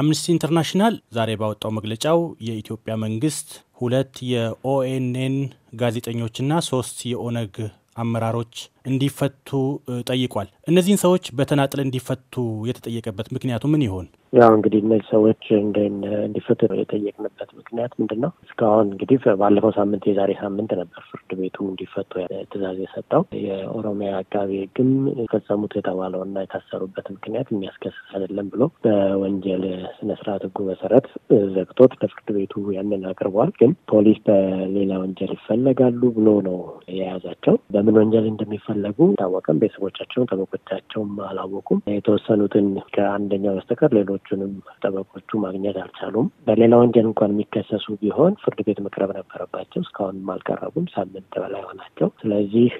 አምነስቲ ኢንተርናሽናል ዛሬ ባወጣው መግለጫው የኢትዮጵያ መንግስት ሁለት የኦኤንኤን ጋዜጠኞችና ሶስት የኦነግ አመራሮች እንዲፈቱ ጠይቋል። እነዚህን ሰዎች በተናጥል እንዲፈቱ የተጠየቀበት ምክንያቱ ምን ይሆን? ያው እንግዲህ እነዚህ ሰዎች እንዲፈቱ የጠየቅንበት ምክንያት ምንድን ነው? እስካሁን እንግዲህ ባለፈው ሳምንት የዛሬ ሳምንት ነበር ፍርድ ቤቱ እንዲፈቱ ትዕዛዝ የሰጠው። የኦሮሚያ አቃቤ ሕግም የፈጸሙት የተባለውና የታሰሩበት ምክንያት የሚያስከስስ አይደለም ብሎ በወንጀል ስነስርዓት ሕጉ መሰረት ዘግቶት ለፍርድ ቤቱ ያንን አቅርቧል። ግን ፖሊስ በሌላ ወንጀል ይፈለጋሉ ብሎ ነው የያዛቸው። በምን ወንጀል እንደሚፈለጉ ታወቀም። ቤተሰቦቻቸውን ጠበቆቻቸውም አላወቁም። የተወሰኑትን ከአንደኛው በስተቀር ሌሎ ሁለቱንም ጠበቆቹ ማግኘት አልቻሉም። በሌላ ወንጀል እንኳን የሚከሰሱ ቢሆን ፍርድ ቤት መቅረብ ነበረባቸው። እስካሁንም አልቀረቡም። ሳምንት በላይ ሆናቸው። ስለዚህ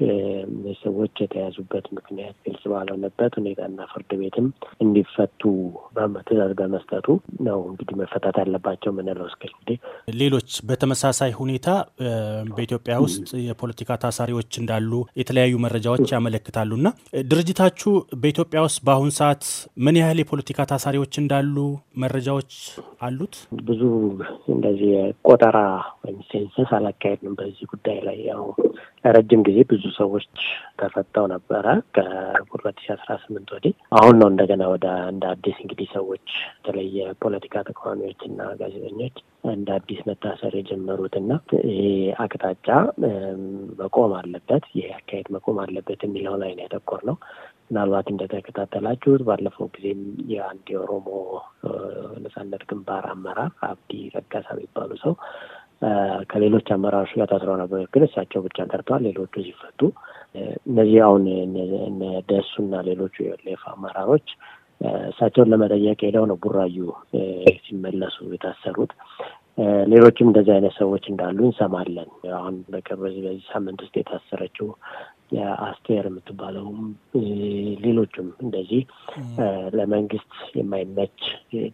ሰዎች የተያዙበት ምክንያት ግልጽ ባልሆነበት ሁኔታና ፍርድ ቤትም እንዲፈቱ ትዕዛዝ በመስጠቱ ነው እንግዲህ መፈታት አለባቸው ምንለው። እስከ እንግዲህ ሌሎች በተመሳሳይ ሁኔታ በኢትዮጵያ ውስጥ የፖለቲካ ታሳሪዎች እንዳሉ የተለያዩ መረጃዎች ያመለክታሉ ድርጅታችሁ በኢትዮጵያ ውስጥ በአሁን ሰዓት ምን ያህል የፖለቲካ ታሳሪዎች እንዳሉ እንዳሉ መረጃዎች አሉት። ብዙ እንደዚህ ቆጠራ ወይም ሴንሰስ አላካሄድንም በዚህ ጉዳይ ላይ ያው ለረጅም ጊዜ ብዙ ሰዎች ተፈተው ነበረ ከሁለት ሺ አስራ ስምንት ወዲህ አሁን ነው እንደገና ወደ እንደ አዲስ እንግዲህ ሰዎች በተለይ የፖለቲካ ተቃዋሚዎች እና ጋዜጠኞች እንደ አዲስ መታሰር የጀመሩት እና ይሄ አቅጣጫ መቆም አለበት፣ ይሄ አካሄድ መቆም አለበት የሚለው ላይ ነው ያተኮር ነው። ምናልባት እንደተከታተላችሁት ባለፈው ጊዜም የአንድ የኦሮሞ ነጻነት ግንባር አመራር አብዲ ረጋሳ የሚባሉ ሰው ከሌሎች አመራሮች ጋር ታስረው ነበር። ግን እሳቸው ብቻ ቀርተዋል። ሌሎቹ ሲፈቱ እነዚህ አሁን ደሱና ሌሎቹ የሌፍ አመራሮች እሳቸውን ለመጠየቅ ሄደው ነው ቡራዩ ሲመለሱ የታሰሩት። ሌሎችም እንደዚህ አይነት ሰዎች እንዳሉ እንሰማለን። አሁን በቅርብ በዚህ ሳምንት ውስጥ የታሰረችው የአስቴር የምትባለውም ሌሎቹም እንደዚህ ለመንግስት የማይመች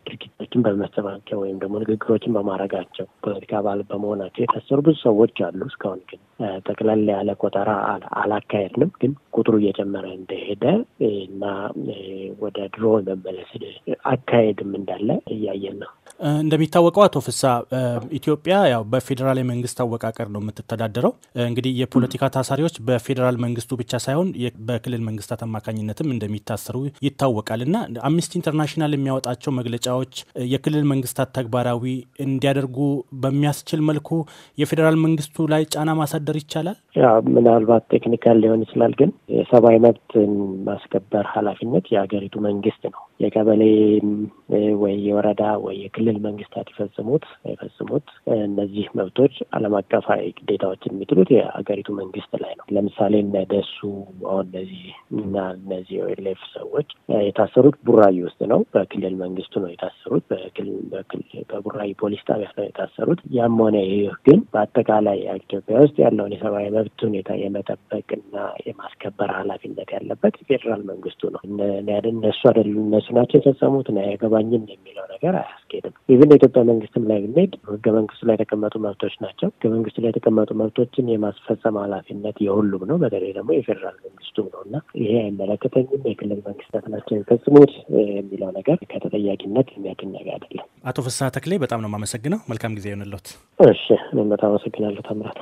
ድርጊቶችን በመሰባቸው ወይም ደግሞ ንግግሮችን በማድረጋቸው ፖለቲካ አባል በመሆናቸው የታሰሩ ብዙ ሰዎች አሉ። እስካሁን ግን ጠቅለል ያለ ቆጠራ አላካሄድንም። ግን ቁጥሩ እየጨመረ እንደሄደ እና ወደ ድሮ መመለስ አካሄድም እንዳለ እያየን ነው። እንደሚታወቀው አቶ ፍሳ ኢትዮጵያ ያው በፌዴራል የመንግስት አወቃቀር ነው የምትተዳደረው። እንግዲህ የፖለቲካ ታሳሪዎች በፌዴራል መንግስቱ ብቻ ሳይሆን በክልል መንግስታት አማካኝነትም እንደሚታሰሩ ይታወቃል እና አምነስቲ ኢንተርናሽናል የሚያወጣቸው መግለጫዎች የክልል መንግስታት ተግባራዊ እንዲያደርጉ በሚያስችል መልኩ የፌዴራል መንግስቱ ላይ ጫና ማሳደር ይቻላል። ምናልባት ቴክኒካል ሊሆን ይችላል፣ ግን የሰብአዊ መብትን ማስከበር ኃላፊነት የሀገሪቱ መንግስት ነው። የቀበሌ ወይ የወረዳ ወይ የክልል መንግስታት ይፈጽሙት አይፈጽሙት፣ እነዚህ መብቶች ዓለም አቀፋዊ ግዴታዎችን የሚጥሉት የሀገሪቱ መንግስት ላይ ነው። ለምሳሌ እነ ደሱ አሁን እነዚህ እና እነዚህ ኦኤልኤፍ ሰዎች የታሰሩት ቡራዩ ውስጥ ነው። በክልል መንግስቱ ነው የታሰሩት። በቡራዊ ፖሊስ ጣቢያ ነው የታሰሩት። ያም ሆነ ይህ ግን በአጠቃላይ ኢትዮጵያ ውስጥ ያለውን የሰብአዊ መብት ሁኔታ የመጠበቅና የማስከበር ኃላፊነት ያለበት የፌዴራል መንግስቱ ነው። እነሱ አደሉ እነሱ ናቸው የፈጸሙት ና ያገባኝም የሚለው ነገር አያስኬድም። ኢቭን የኢትዮጵያ መንግስትም ላይ ብንሄድ ህገ መንግስቱ ላይ የተቀመጡ መብቶች ናቸው። ህገ መንግስቱ ላይ የተቀመጡ መብቶችን የማስፈጸም ኃላፊነት የሁሉም ነው። በተለይ ደግሞ የፌዴራል መንግስቱ ነው እና ይሄ አይመለከተኝም የክልል መንግስታት ናቸው የሚፈጽሙት የሚለው ነገር ከተጠያቂነት የሚያድን ነገር አይደለም። አቶ ፍስሀ ተክሌ በጣም ነው የማመሰግነው። መልካም ጊዜ ይሆንልዎት። እሺ፣ እኔም በጣም አመሰግናለሁ ታምራት።